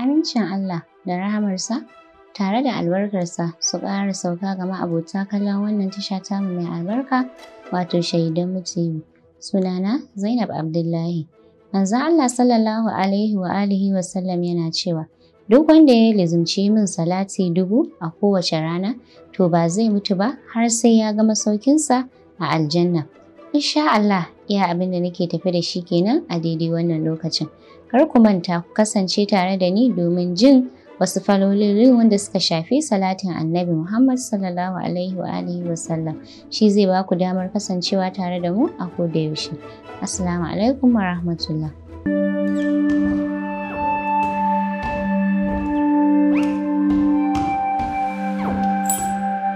Amincin Allah da rahamarsa tare da albarkarsa su ƙara sauka ga ma'abota kallon wannan tasha mai albarka wato shaidan mutumi. Sunana Zainab Abdullahi. manzo Allah sallallahu alaihi wa alihi wa sallam yana cewa duk wanda ya lizumci min salati dubu a kowace rana to ba zai mutu ba har sai ya ga masaukinsa a aljanna. Insha Allah iya abinda nake tafi da shi kenan a daidai wannan lokacin. Kar ku manta ku kasance tare da ni domin jin wasu falolin wanda suka shafi salatin annabi Muhammad sallallahu alaihi wa alihi wa sallam. Shi zai ba ku damar kasancewa tare da mu a koda yaushe. Assalamu alaikum wa rahmatullah.